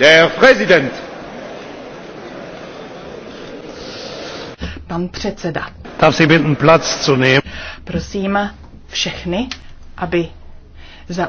Der Präsident. Pan předseda. Tam si bitten Platz co nehmen? Prosím všechny, aby